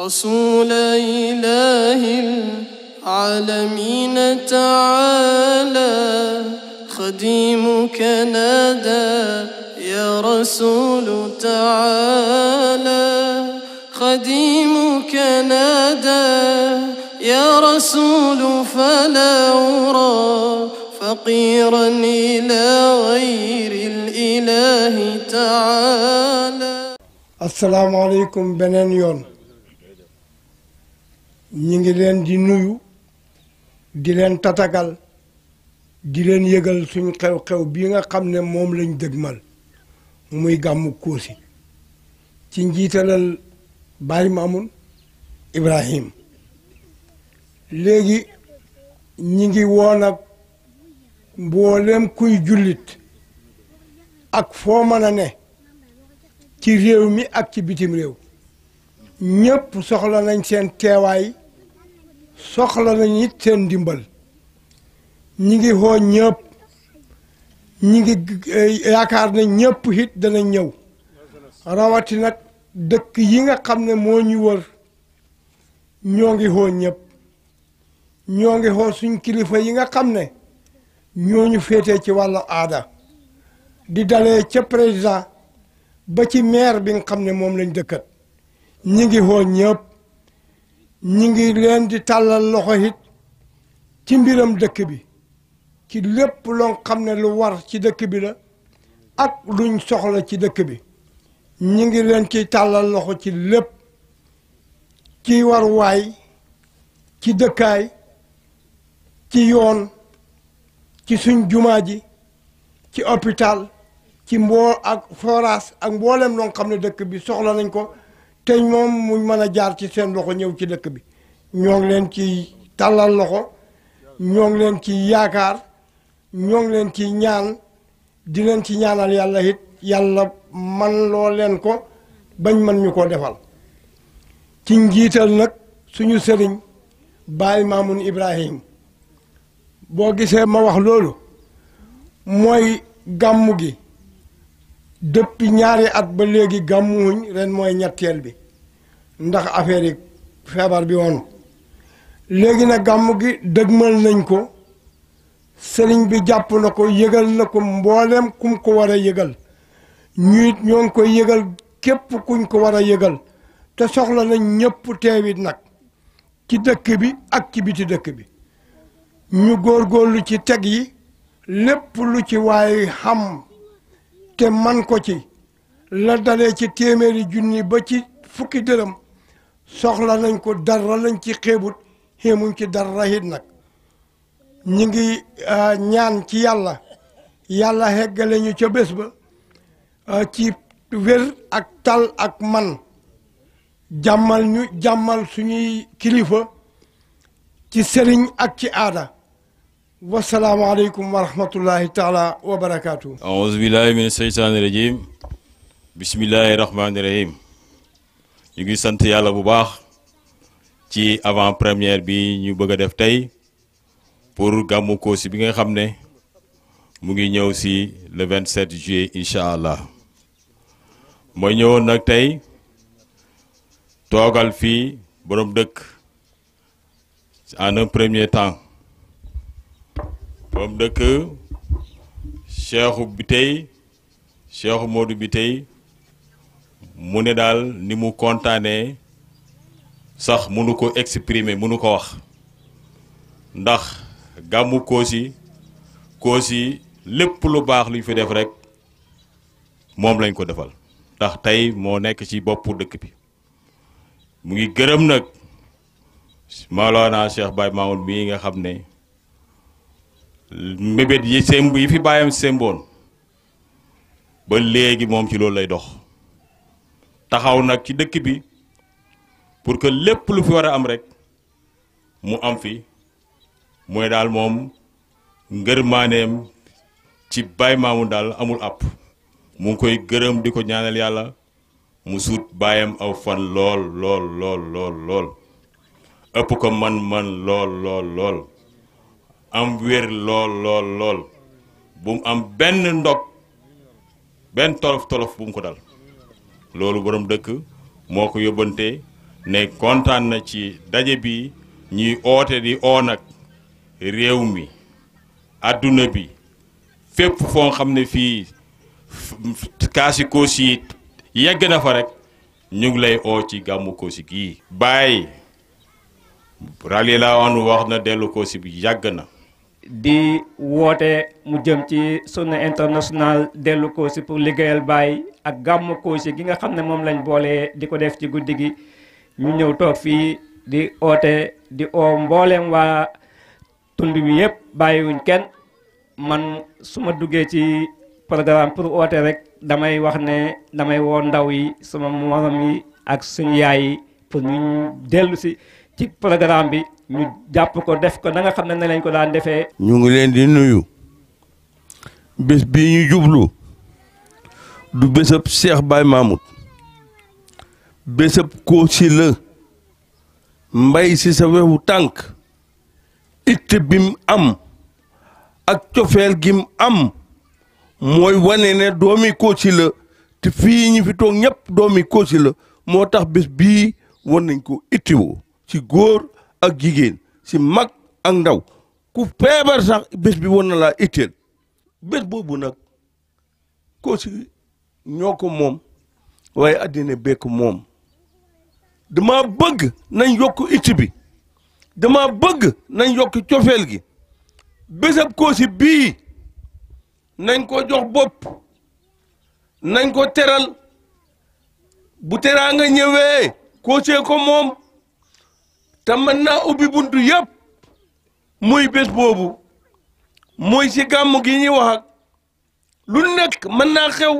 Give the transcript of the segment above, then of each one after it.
رسول إله العالمين تعالى خديمك نادى يا رسول تعالى خديمك نادى يا رسول فلا أرى فقيرا إلى غير الإله تعالى السلام عليكم بنانيون ñi ngi leen di nuyu di leen tatagal di leen yëgal suñu xew-xew bi nga xam ne moom lañ dëgmal muy gàmmu Kossy ci njiitalal Baye Mamoun Ibrahim léegi ñi ngi woon ak kuy jullit ak foo ne ci réew mi ak ci bitim réew ñëpp soxla nañ seen teewaay soxla nañu it seen ndimbal ñi ngi xoo ñëpp ñi ngi yaakaar ne ñëpp it dana ñëw rawati dëkk yi nga xam ne moo ñu wër ñoo ngi ñëpp ñoo ngi xoo suñ kilifa yi nga xam ne ñoo ñu féetee ci wàllu aada di dalee ca président ba ci maire bi nga xam ne moom lañ dëkkat ñi ngi xoo ñëpp ñi ngi leen di tàllal loxo it ci mbiram dëkk bi ci lépp loo xam ne lu war ci dëkk bi la ak luñ soxla ci dëkk bi ñi ngi leen ci tàllal loxo ci lépp ci waruwaay ci dëkkaay ci yoon ci suñ jumaa ji ci hôpital ci mboo ak forage ak mboolem loo xam ne dëkk bi soxla nañ ko tey moom mu mën a jaar ci seen loxo ñëw ci dëkk bi ñoo leen ci tàllal loxo ñoo leen ci yaakaar ñoo leen ci ñaan di leen ci ñaanal yàlla it yàlla man loo leen ko bañ mën ñu ko defal ci njiital nag suñu sëriñ Baay Maamun Ibrahim boo gisee ma wax loolu mooy gàmmu gi depuis ñaari at ba léegi gàmmuwuñ ren mooy ñetteel bi ndax affaire yi feebar bi woon léegi nag gàmm gi dëgmal nañ ko sëriñ bi jàpp na ko yëgal na ko mboolem kum ko war a yëgal ñuy ñoo ngi koy yëgal képp kuñ ko war a yëgal te soxla nañ ñëpp teewit nag ci dëkk bi ak ci biti dëkk bi ñu góorgóorlu ci teg yi lépp lu ci waay xam te man ko ci la dalee ci téeméeri junni ba ci fukki dërëm soxla nañ ko dara lañ ci xeebut xéemuñ ci dara it nag ñi ngi ñaan ci yàlla yàlla heggale ñu ca bés ba ci wér ak tal ak man jàmmal ñu jàmmal suñuy kilifa ci sëriñ ak ci aada wasalaamaaleykum wa rahmatullahi taala wa barakaatu. aouzu billahi min seytaani rajim bismillahi rahmaani rahim ñu ngi sant yàlla bu baax ci avant première bi ñu bëgg a def tey pour gàmmu Kossy bi nga xam ne mu ngi ñëw si le 27 juillet incha allah mooy ñëwoon nag tey toogal fii borom dëkk en un premier temps. de que Cheikh Bitey Cheikh Modou Bitey dal ni mu kontaanee sax mënu ko exprimer mënu ko wax ndax gàmmu ko si lépp lu lu fi def rek mom lañ ko defal ndax tay mo ci bi ngi Cheikh mbébét yi sémb yi fi bàyyam sémboon ba léegi moom ci loolu lay dox taxaw nag ci dëkk bi pour que lépp lu fi war a am rek mu am fi mooy daal moom ngërmaaneem ci Baye Mamoune daal amul àpp mu ngi koy gërëm di ko ñaanal yàlla mu suut baayam aw fan lool lool lool lool lool ëpp ko man man lool lool lool am wér lool lool lool bu mu am benn ndog benn tolof tolof bu mu ko dal loolu borom dëkk moo ko yóbbante ne kontaan na ci daje bi ñuy oote di oo nag réew mi àdduna bi fépp foo xam ne fii kaasi Kossy yi yegg na fa rek ñu ngi lay oo ci gàmmu Kossy gii. Baye rali la woon wax na dellu Kossy bi yàgg na. di woote mu jëm ci sunna international dellu Kossy pour liggéeyal bàyyi ak gàmmu Kossy gi nga xam ne moom lañu boole di ko def ci guddi gi ñu ñëw toog fii di oote di oo mbooleem waa tund wi yëpp bàyyiwuñ kenn man su ma duggee ci programme pour oote rek damay wax ne damay woo ndaw yi sama morom yi ak suñu yaay yi pour ñu dellu si ci programme bi ñu japp ko def ko da nga xamne ne na lañ ko daan defé ñu ngi leen di nuyu bes bi ñu jublu du besep Cheikh bay mamoud besep ko ci le mbay ci sa wewu tank it bim am ak tiofel gim am moy wané né domi ko ci le te fi ñu fi tok ñep domi ko si le motax bes bi won nañ ko wo ci ak gigéen si mag ak ndaw ku feebar sax bés bi won na la itteel bés boobu nag ko si ñoo ko moom waaye àddina bekk moom dama bëgg nañ yokk itti bi dama bëgg nañ yokk cofeel gi bésa koo si bii nañ ko jox bopp nañ ko teral bu teraa nga ñëwee koosee ko moom te naa ubbi buntu yëpp muy bés boobu muy si gàmm gi ñuy wax lu nekk mën naa xew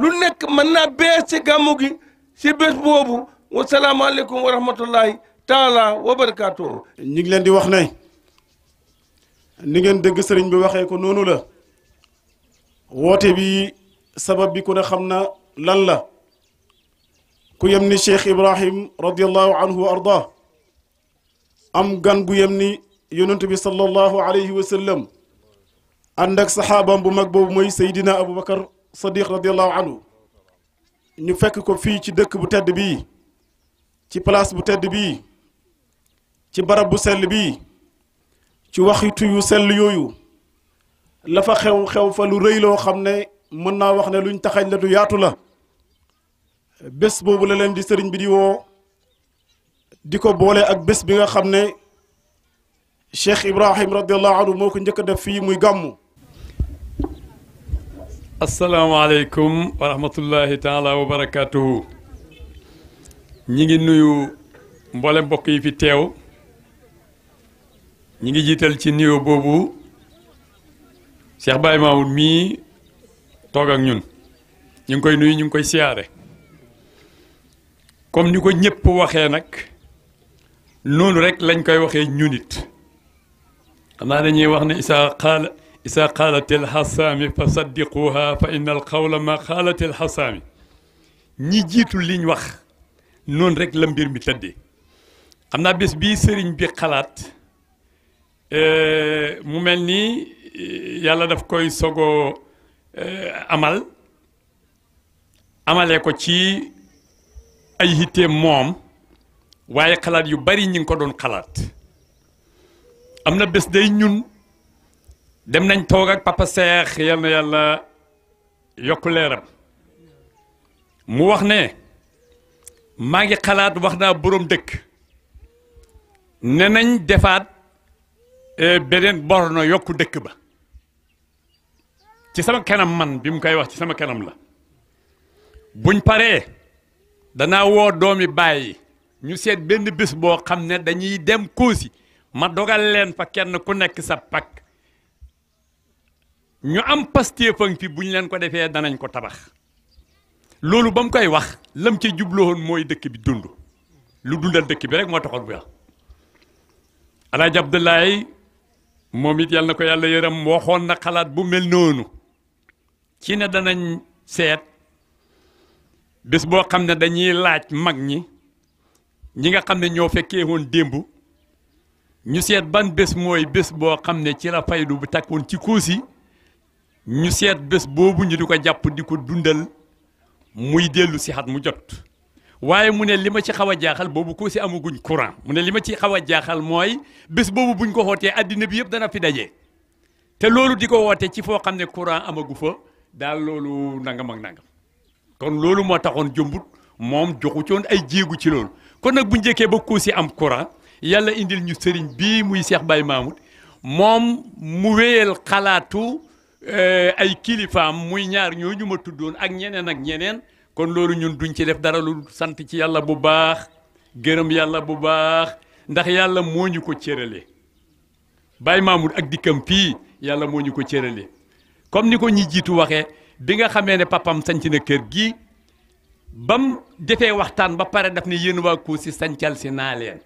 lu nekk mën naa bees si gàmm gi si bés boobu wasalaamaaleykum wa rahmatullahi taala wa barakaatu. ñu ngi leen di wax ne ni ngeen dégg sëriñ bi waxee ko noonu la woote bi sabab bi xam na lan la ku yem ni Cheikh Ibrahim radiyallahu anhu wa arda am gan gu yem ni yonent bi sallallahu alayhi wa sallam ànd ak saxaabaam bu mag boobu mooy Seydina Aboubacar Sadiq radiyallahu anhu ñu fekk ko fi ci dëkk bu tedd bi ci place bu tedd bi ci barab bu sel bi ci waxitu yu sel yoyu la fa xew xew fa lu reey lo xamne mën wax ne luñ taxañ la du yaatu la bés bobu la leen di sëriñ bi di wo di ko boole ak bés bi nga xam ne Cheikh Ibrahim radiallahu anhu moo ko njëkk a def fii muy gàmmu. asalaamaaleykum wa rahmatullahi taala wa barakaatuhu. ñi ngi nuyu mboole mbokk yi fi teew ñi ngi jiital ci nuyoo boobu Cheikh Baye Mamoun mii toog ak ñun ñu ngi koy nuyu ñu ngi koy siyaare comme ni ko ñëpp waxee nag. نون رك لن كي وخي نونيت أما لن يوخني إسا قال إسا قالت الحسامي فصدقوها فإن القول ما قالت الحسامي نجيت لن وخ نون رك لن بير متدي أما بس بي سرين بي قالت مملني يالا دف كوي سوغو أمال أمال يكو تي أيهتي موم أمال waaye xalaat yu bari ñi ngi ko doon xalaat am na bés day ñun dem nañ toog ak papa Seex yal na yàlla yokk leeram mu wax ne maa ngi xalaat wax naa boroom dëkk ne nañ defaat eh, beneen borno yokku dëkk ba ci sama kanam man bi mu koy wax ci sama kanam la buñ paree danaa woo doomi bàyyi ñu seet benn bés boo xam ne dañuy dem Kossy ma dogal leen fa kenn ku nekk sa pak ñu am pastéefang fi bu ñu leen ko defee danañ ko tabax loolu ba mu koy wax lam ca jublowoon mooy dëkk bi dund lu dundal dëkk bi rek moo taxoon bu wax Alaaji Abdoulaye moom it yàlla na ko yàlla yërëm waxoon na xalaat bu mel noonu ci ne danañ seet bés boo xam ne dañuy laaj mag ñi ñi nga xam ne ñoo fekkee woon démb ñu seet ban bés mooy bés boo xam ne ci la faydu bu takkoon ci kóosi ñu seet bés boobu ñu di ko jàpp di ko dundal muy dellu si mu jot waaye mu ne li ma ci xaw a jaaxal boobu kóosi amaguñ courant mu ne li ma ci xaw a jaaxal mooy bés boobu buñ ko xootee addina bi yëpp dana fi daje te loolu di ko woote ci foo xam ne courant amagu fa daal loolu nangam ak nangam kon loolu moo taxoon jombut moom joxu coon ay jéegu ci loolu kon nag bu njëkkee ba Kossy am courant yàlla indil ñu sëriñ bii muy seex Baye Mahmoud moom mu wéyal xalaatu euh, ay kilifaam muy ñaar ñooñu ma tuddoon ak ñeneen ak ñeneen kon loolu ñun duñ ci def dara lu sant ci yàlla bu baax gërëm yàlla bu baax ndax yàlla moo ñu ko cëralee Baye Mahmoud ak dikkam fii yàlla moo ñu ko cëralee comme ni ko ñi jiitu waxee bi nga xamee ne papam sanc na kër gi bam defee waxtaan ba pare daf ne yéen waa Kossy sancal si naa leen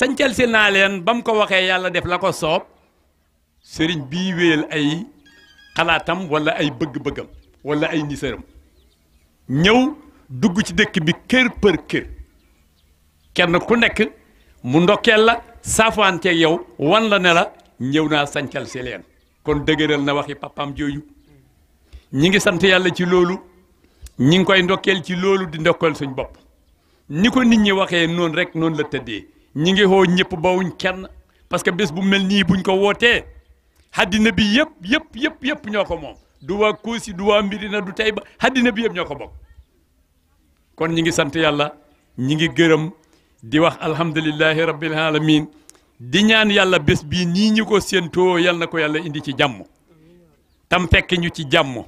sancal si naa leen bam ko waxee yàlla def la ko soob sëriñ bii wéyal ay xalaatam walla ay bëgg-bëggam wala ay nisaram ñëw dugg ci dëkk bi kër për kër kenn ku nekk mu ndokkeel la saafaanteeg yow wan la ne la ñëw naa sancal si leen kon dëgëral na waxi papaam jooju ñi ngi sant yàlla ci loolu ñi ngi koy ndokkeel ci loolu di ndokkeel suñ bopp ni ko nit ñi waxee noonu rek noonu la tëddee ñi ngi xoo ñëpp bawuñ kenn parce que bés bu mel nii buñ ko wootee haddina bi yëpp yëpp yëpp yëpp ñoo ko moom du waa Koosi du waa Mbirina du tey ba haddina bi yëpp ñoo ko bokk kon ñi ngi sant yàlla ñi ngi gërëm di wax alhamdulillahi rabbil alamin di ñaan yàlla bés bii nii ñu ko séentoo yal na ko yàlla indi ci jàmm tam fekk ñu ci jàmm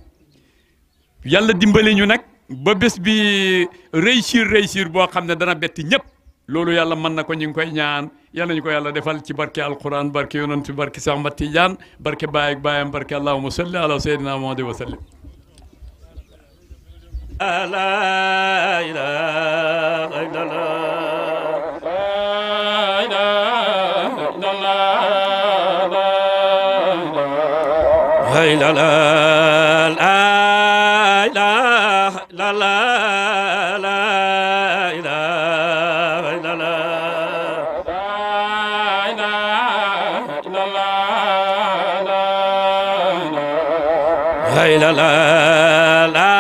Yalla dimbali ñu nak ba bës bi réussir réussir bo xamné dana bétti ñëpp lolu yalla man nako ñing koy ñaan yalla ñu ko yalla defal ci barke alcorane barke yonent barké Cheikh barke Baye ak Bayam barke allahumma salli ala sayyidina Muhammad wa sallim la la la la la la la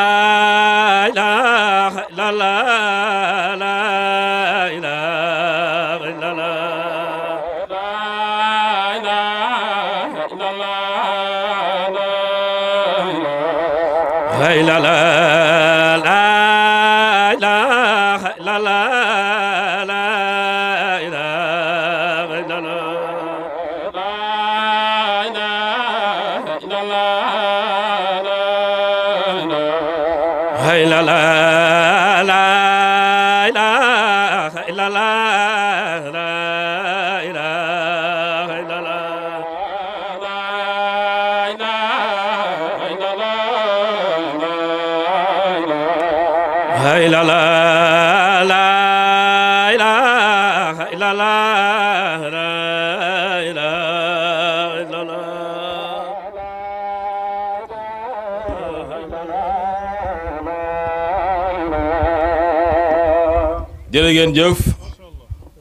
لا لا لا إله إلا الله لا إله إلا الله jëf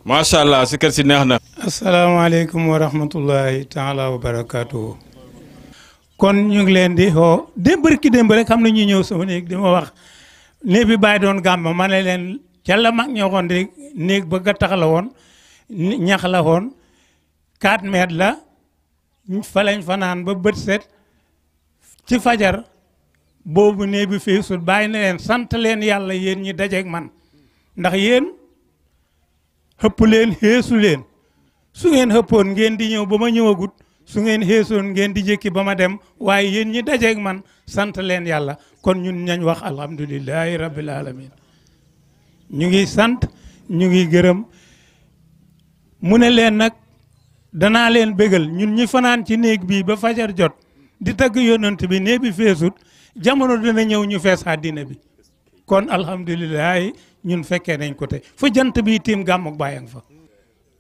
macha allah si kër si neex na. asalaamaaleykum wa rahmatullahi taala wa kon ñu ngi leen di xoo démb ki xam na ñuy ñëw sama néeg dama wax. néeg bi bàyyi doon gàmm ma ne leen jàlla mag ñoo xoon di néeg ba gattax la woon ñax la woon 4 la fa fanaan ba bët set ci fajar boobu néeg bi fii sut bàyyi na leen sant leen yàlla yéen ñi dajeeg man ndax yéen xëpp leen xeesu leen su ngeen xëppoon ngeen di ñëw ba ma ñëwagut su ngeen xeesoon ngeen di jékki ba ma dem waaye yéen ñi dajeeg man sant leen yàlla kon ñun ñañ wax alhamdulilahi rabbil alamin ñu ngi sant ñu ngi gërëm mu ne leen nag danaa leen bégal ñun ñi fanaan ci néeg bii ba fajar jot di tagg yonant bi néeg bi feesut jamono dina ñëw ñu fees àddina bi kon alhamdulilahi ñun fekkee nañ ko te fu jant bi tiim gàmmuk bàyyang fa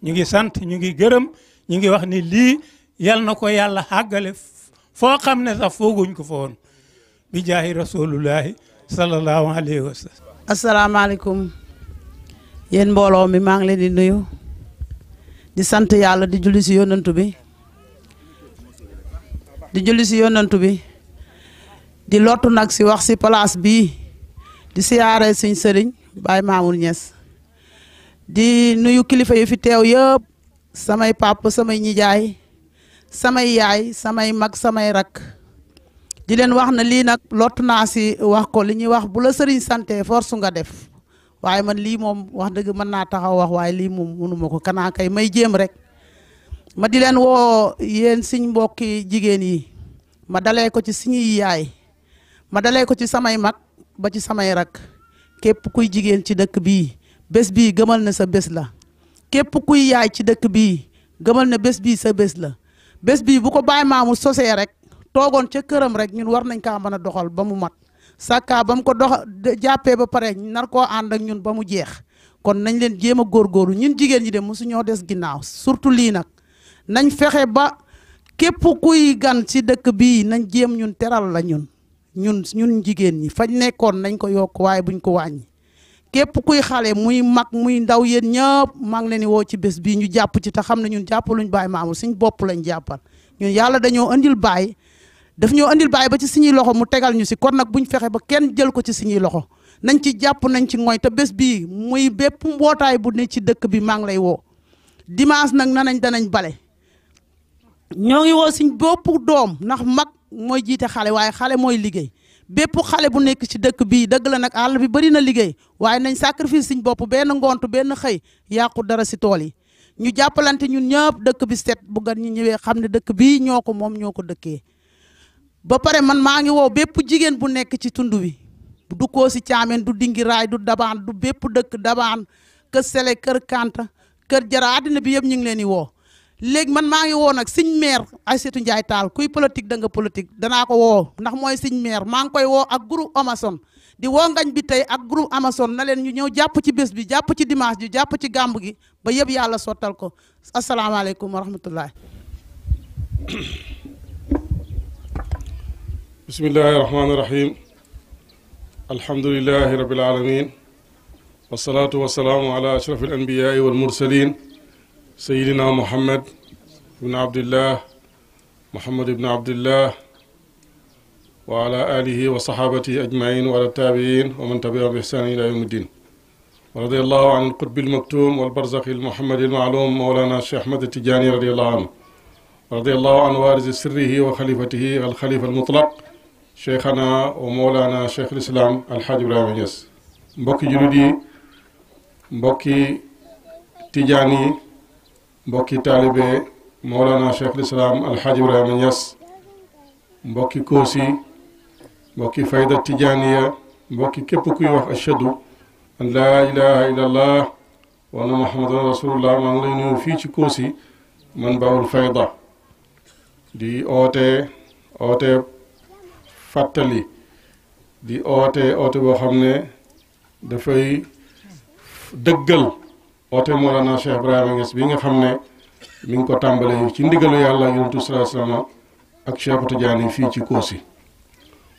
ñu ngi sant ñu ngi gërëm ñu ngi wax ni lii yal na ko yàlla àggale foo xam ne sax fooguñ ko foon bi jaay rasulullahi sallallahu alayhi wa sallam asalaamaaleykum yéen mbooloo mi maa ngi leen di nuyu di sant yàlla di julli si yonantu bi di julli si yonantu bi di lotu nag si wax si palaas bii di siyaare suñ sëriñ Baye Mamour Niass di nuyu kilifa yu fi teew yëpp samay papa samay ñijaay samay yaay samay mag samay rak di leen wax na lii nag lottu naa si wax ko li ñuy wax bu la sëriñ sante force nga def waaye man lii moom wax dëgg mën naa taxaw wax waaye lii moom mënuma ko kanaa kay may jéem rek ma di leen woo yéen siñ mbokki jigéen yi ma dalee ko ci suñuy yaay ma dalee ko ci samay mag ba ci samay rak képp kuy jigéen ci dëkk bii bés bii gëmal na sa bés la képp kuy yaay ci dëkk bii gëmal na bés bii sa bés la bés bii bu ko Baye Mamour sosee rek toogoon ca këram rek ñun war nañ kaa mën a doxal ba mu mat sakka bam ko dox jàppee ba pare nar koo ànd ak ñun ba mu jeex kon nañ leen jéem a góoru ñun jigéen ñi de mosuñoo des ginnaaw surtout lii nag nañ fexe ba képp kuy gan si dëkk bii nañ jéem ñun teral la ñun ñun ñun jigéen ñi fañ nekkoon nañ ko yokk waaye buñ ko wàññi. képp kuy xale muy mag muy ndaw yéen ñëpp maa ngi leen di woo ci bés bii ñu jàpp ci te xam ne ñun luñ baay Mamour suñ bopp lañ jàppal ñun yàlla dañoo andil baay daf ñoo andil baay ba ci suñuy loxo mu tegal ñu si kon nag buñ fexe ba kenn jël ko ci suñuy loxo nañ ci jàpp nañ ci mooy te bés bii muy bépp mbootaay bu ne ci dëkk bi maa ngi lay woo dimanche nag nanañ danañ bale ñoo ngi woo suñ bopp doom ndax mag mooy jiite xale waaye xale mooy liggéey bépp xalé bu nek ci dëkk nak dëgg la nak all bi bari na liggéey waye nañ sacrifice suñ bopp benn ngont benn xëy yàqu dara ci tool yi ñu jappalante ñun ñëpp dëkk bi set bu gan ñu ñëwee xam ne dëkk bii ñoo mom moom ñoo ba paré man maa ngi wo bépp jigéen bu nek ci tundu bi du ko si caameen du dingi raay du dabaan du bépp dëkk dabaan ke sele kër kanta kër jara bi yëpp ñing leen léegi man maa ngi woon ak siñ maire Aïssatou Ndiaye Tall kuy politique da nga danaa ko woo ndax mooy siñ maire maa ngi koy woo ak groupe Amazon di woo ngañ bi tey ak group Amazon na leen ñu ñëw jàpp ci bés bi jàpp ci dimanche bi jàpp ci gàmb gi ba yëpp yàlla sottal ko asalaamaaleykum wa rahmatullah bismillahi rahmaani rahim alhamdulilahi rabil alamin wasalaatu wasalaamu ala ashraf al anbiyaai wal سيدنا محمد بن عبد الله محمد بن عبد الله وعلى آله وصحابته أجمعين وعلى التابعين ومن تبعهم بإحسان إلى يوم الدين رضي الله عن القطب المكتوم والبرزق المحمد المعلوم مولانا الشيخ أحمد التجاني رضي الله عنه رضي الله عن وارث سره وخليفته الخليفة المطلق شيخنا ومولانا شيخ الإسلام الحاج إبراهيم نياس mbokki jullit yi mbokki mbokki talibé molana Cheikh Lislaam Alxaaji Ibrahima Niass mbokki kosi mbokki Fayda tijaniya mbokki képp kuy wax ashadu an laa ilaha allah wa anna muhammadan rasulullah maa ngi lay nuyu fii ci Koosi man bawul Fayda di oté oté fàttali di oote oote boo xam ne dafay dëggal oote Mawlana Cheikh Ibrahima Niass bi nga xam ne mi ngi ko tàmbale ci ndigalu yàlla yonentu sallallahu alayhi wasallam ak Cheikh Tidiane fii ci Koosi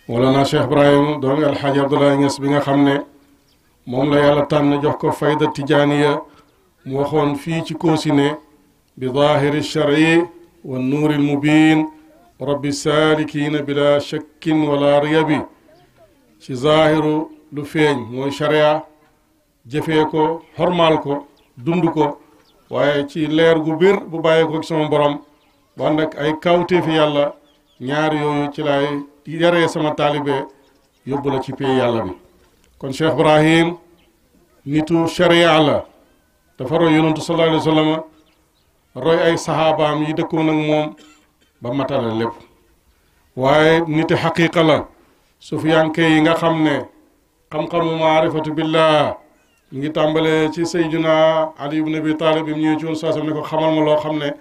Mawlana Cheikh Ibrahima al Alxaaji Abdoulaye Niass bi nga xam ne moom la yàlla tànn jox ko fayda tijaaniya mu waxoon fii ci Koosi ne bi zaahiri shar'i wa nuuri lmubin rabbi saalikiina bila shakkin wala riyabi ci zaahiru lu feeñ mooy sharia jëfee ko xormaal ko dund ko waaye ci leer gu bir bu bàyyeekoo ci sama borom ba nag ay kawteefi yàlla ñaar yooyu ci laay yaree sama taalibe yóbbu la ci pay yàlla bi kon Cheikh Ibrahim nitu sharia la dafa roy yonantu sallallahu alayhi wa sallam roy ay saxaabaam yi dëkkoon ak moom ba matale lépp waaye niti xaqiqa la sufiyanke yi nga xam ne xam-xamu maarifatu billah ñu ngi tàmbalee ci sayyidina Ali ibn Abi Talib bi mu ñëwee ci woon saasam ne ko xamal ma loo xam ne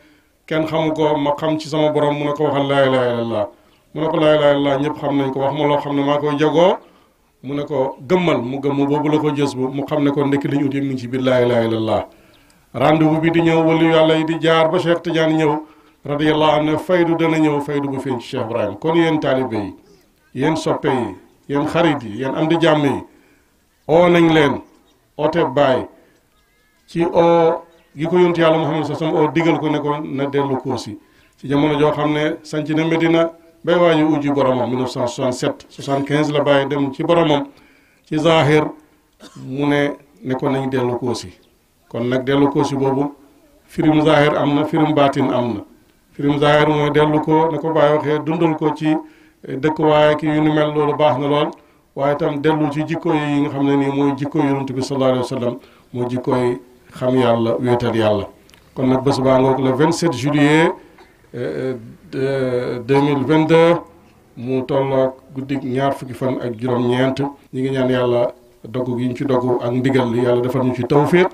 kenn xamu ko ma xam ci sama borom mu ne ko waxal laa ilaaha illallaah mu laa ilaaha illallaah ñëpp xam nañ ko wax ma loo xam ne maa koy jagoo mu ne ko gëmmal mu gëmm boobu la ko jës bu mu xam ne ko ndekki li ñu ut yëpp mu ci biir laa ilaaha illallaah rendez-vous bi di ñëw wala yàlla yi di jaar ba Cheikh Tidiane ñëw ne anhu faydu dana ñëw faydu bu feeñ ci Cheikh Ibrahima kon yéen taalibe yi yéen soppe yi yéen yi yéen am jàmm yi nañ leen oote ah, ah, baay ah. ci oo gi ko yontu yàlla Muhammad sa sam oo digal ko ne ko na dellu Kossy ci jamono joo xam ne sanc na Medina bay waañu ujji boromam 1967 75 la bàyyi dem ci boromam ci zahir mu ne ne ko nañ dellu Kossy kon nag dellu Kossy boobu firim zahir am na firim baatin am na firim zahir mooy dellu ko ne ko bàyyi waxee dundal ko ci dëkk waaye ki yu ni mel loolu baax na lool waaye tam dellu ci jikko yi nga xam ne nii mooy jikko yonent bi sallallahu alayhi wa sallam mooy jikkoy xam yàlla wéetal yàlla kon nag bés baa ngoog le 27 juillet 2022 euh, euh, mu tolloog guddig ñaar fukki fan ak juróom-ñeent ñi ngi ñaan yàlla dogg gi ñu ci dogg ak ndigal yàlla defal ñu ci tawféet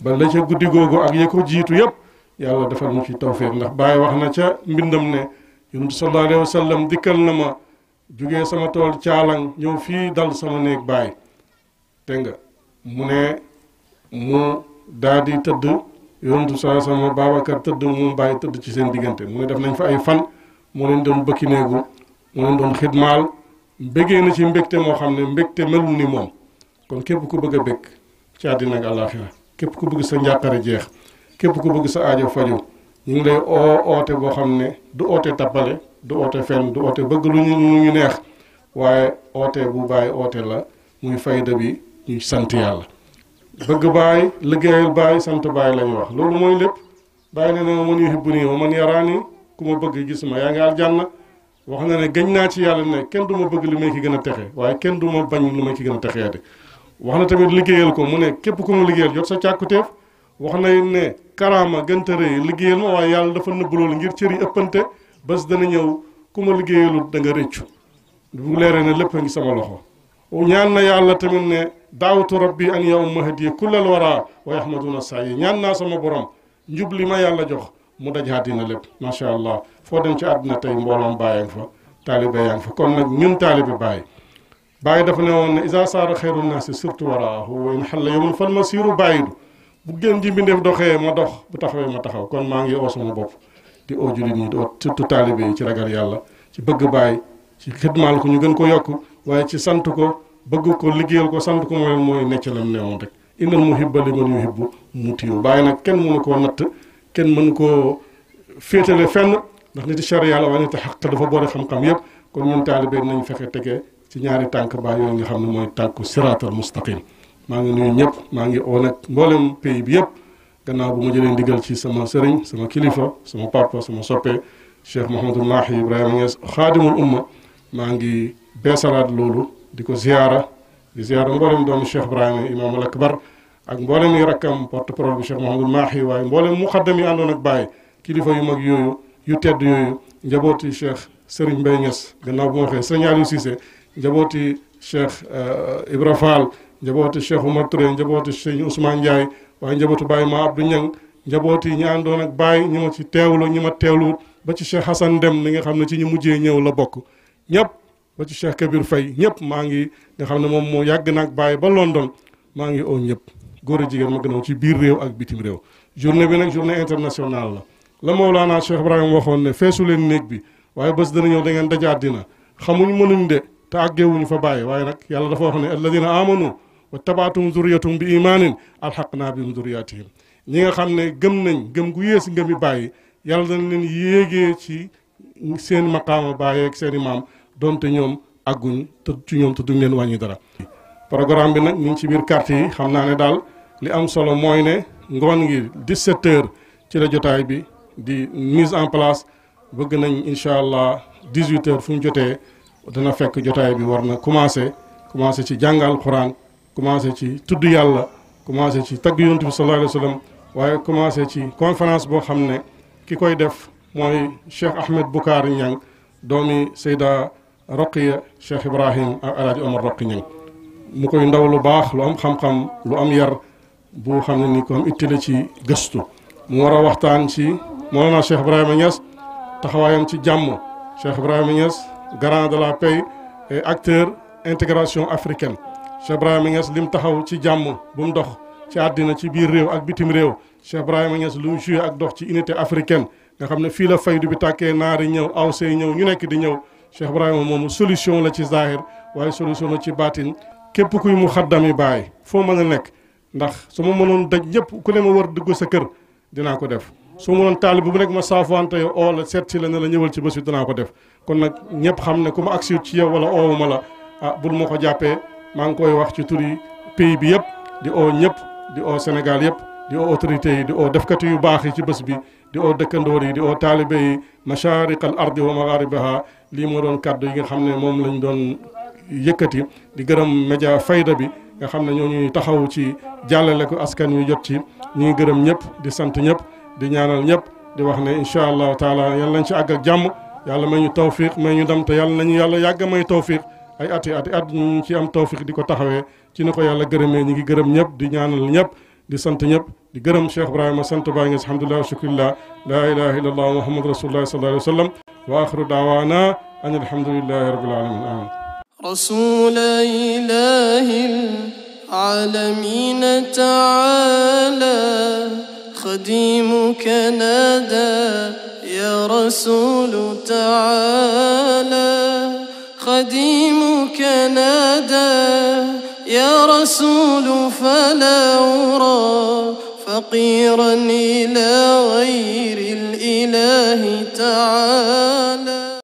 ba la ca guddi googu ak ya ko jiitu yëpp yàlla defal ñu ci tawféet ndax Baay wax na ca mbindam ne yonent sallallahu alayhi wa dikkal na ma jugee sama tool caalang ñëw fii dal sama néeg baay te nga mu ne mu daa di tëdd yontu saa sama Babacar tëdd mu bàyyi tëdd ci seen diggante mu ne def nañ fa ay fan moo leen doon bëkki néegu moo leen doon xidmaal mbégee na ci mbégte moo xam ne mbégte melul ni moom kon képp ku bëgg a bég ci àddina ak àllaaxira képp ku bëgg sa njàqare jeex képp ku bëgg sa aajo fajo ñu ngi lay oo oote boo xam ne du oote tappale du oote fenn du oote bëgg lu ñu ñu neex waaye oote bu bàyyi oote la muy fayda bi ñu sant yàlla bëgg bàyyi liggéeyal bàyyi sant bàyyi la ñu wax loolu mooy lépp bàyyi ne na man yuhibbu nii ma man yaraani ku ma bëgg gis ma yaa ngi aljanna wax na ne gañ naa ci yàlla ne kenn du ma bëgg li may ki gën a texe waaye kenn du ma bañ li may ki gën a texee de wax na tamit liggéeyal ko mu ne képp ku ma liggéeyal jot sa càkkuteef wax na ne karaama gënta rëy liggéeyal ma waaye yàlla dafa nëbb loolu ngir cër yi ëppante bés dana ñëw ku ma liggéeyalut da rëccu bu leeree ne lépp a ngi sama loxo ñaan na yàlla tamit ne daawatu rabbi an yow mahadiya kullal wara wa yahmaduna saa yi ñaan naa sama borom njub li ma yàlla jox mu daj àddina lépp macha allah foo dem ci àddina tey mbooloom bàyyi fa taalibe yaa ngi fa kon nag ñun taalibe bàyyi bàyyi dafa ne woon ne isa saara xeyru naasi surtout waraahu wa in xalla yowmul fan ma siiru bàyyidu bu gën ji mbindeef doxee ma bu taxawee ma taxaw kon maa ngi di oo jullit yi di oo surtout taalibe yi ci ragal yàlla ci bëgg bàyyi ci xidmaal ko ñu gën ko yokk waaye ci sant ko bëgg ko liggéeyal ko sant ko mooy mooy necc lam neewoon rek innal muhibba liman yuhibbu mutiyu bàyyi nag kenn mënu koo natt kenn mënu koo féetale fenn ndax nit charia yàlla waaye nit xaq dafa boole xam-xam yépp kon ñun taalibe nañ fexe tegee ci ñaari tànk baa yooyu nga xam ne mooy tànku siraatal mustaqim maa ngi nuyu ñëpp maa ngi oo nag mboolem pays bi yëpp gannaaw bu ma jëlee ndigal ci sama sëriñ sama kilifa sama papa sama soppe cheikh Mouhamadou Mahi Ibrahima Niass xaadimul umma maa ngi beesalaat loolu di ko ziyaara di ziyaara mboolem doomu cheikh a imaamul akbar ak mboolem yi rakkam porte parole bu cheikh Mouhamadou Mahi waaye mboolem muqaddam yi àndoon ak bàyyi kilifa yu mag yooyu yu tedd yooyu njabooti cheikh Serigne Mbaye Niass gannaaw bu ma waxee sëriñ Aliou Cissé njabooti cheikh euh, Ibra Fall cheikh Oumar Touré njabooti sëriñ Ousmane Ndiaye. waaye njabootu Baye ma Abdou Niang njaboot yi ñu àndoon ak Baye ñi ma ci teewlu ñi ma teewluwut ba ci Cheikh Hassan Dem mi nga xam ne ci ñi mujjee ñëw la bokk ñëpp ba ci Cheikh Kabir fay ñëpp maa ngi nga xam ne moom moo yàgg naag Baye ba London maa ngi oo ñëpp góor a jigéen ma gënaw ci biir réew ak bitim réew journée bi nag journée internationale la la Mawlaana Cheikh Ibrahima waxoon ne feesu leen néeg bi waaye bés dana ñëw da ngeen dajaat dina xamuñ mënuñ de te àggewuñu fa bàyyi waaye nag yàlla dafa wax ne alladina amanu wa tabaatum zuriyatum bi imaanin alxaq naa bihim zuriyatihim ñi nga xam ne gëm nañ gëm gu yées ngëmi bàyyi yàlla dañ leen yéegee ci seen maqaama bàyyeeg seen i maam donte ñoom àgguñ te ci ñoom te leen wàññi dara. programme bi nag ñu ngi ci biir quartier yi xam naa ne daal li am solo mooy ne ngoon ngi 17h ci la jotaay bi di mise en place bëgg nañ incha allah 18h fu mu jotee dana fekk jotaay bi war na commencé commencé ci jàngal Alxuraan. commencé ci tuddu yalla commencé ci tagg yonent bi sallallahu alayhi wa waye commencé ci conférence bo xam def moy cheikh ahmed bukari ñang domi sayda raqiya cheikh ibrahim Aladi omar roqi ñang mu koy ndaw lu bax lu am xam-xam lu am yar bu xam ni ko am ittile ci gestu mu wara a waxtaan ci moolana cheikh ibrahim ñas taxawayam ci jamm cheikh ibrahim garant de la paix et acteur intégration africaine Cheikh Ibrahima Niass lim taxaw ci jàmm bu mu dox ci àddina ci biir réew ak bitim réew Cheikh Ibrahima Niass lu mu joué ak dox ci unité africaine nga xam ne fii la faydu bi tàkkee naari ñëw awsey ñëw ñu nekk di ñëw Cheikh Ibrahima moomu solution la ci zahir waaye solution la ci baatin képp kuy mu xaddami baay foo mën a nekk ndax su ma mënoon daj ñëpp ku ne ma war dugg sa kër dinaa ko def su ma mënoon taalib bu nekk ma saafowante yow oo la seet si la ne ci bés bi ko def kon nag ñëpp xam ne ku ma agsi ci yow wala oowuma la ah bul ma ko jàppee maa ngi koy wax ci turi pays bi yëpp di oo ñëpp di oo Sénégal yëpp di oo autorité yi di oo defkati yu baax yi ci bés bi di oo dëkkandoor yi di oo taalibe yi mashariq al ardi wa magharibaha lii moo doon kàddu yi nga xam ne moom lañ doon yëkkati di gërëm média fayda bi nga xam ne ñoo ñuy taxaw ci jàllale ko askan wi jot ci ñu ngi gërëm ñëpp di sant ñëpp di ñaanal ñëpp di wax ne incha allahu taala yàlla nañ ci àgg ak jàmm yàlla may ñu tawfiq may ñu dem yàlla nañu yàlla yàgg may tawfiq ay ati ati at ñu ci am tawfik diko taxawé ci na yàlla gëreme ñi ngi gëreem ñëpp di ñaanal ñëpp di sant ñëpp di gëreem Cheikh Ibrahima sant ba nga alhamdulilah shukrillah la ilaha illallah allah muhammad rasulullah sallallahu alayhi wasallam wa akhiru da'wana an alhamdulilahi rabbil alamin amin رسول إله العالمين تعالى خديمك نادى يا رسول تعالى قديمك نادى يا رسول فلا أرى فقيرا إلى غير الإله تعالى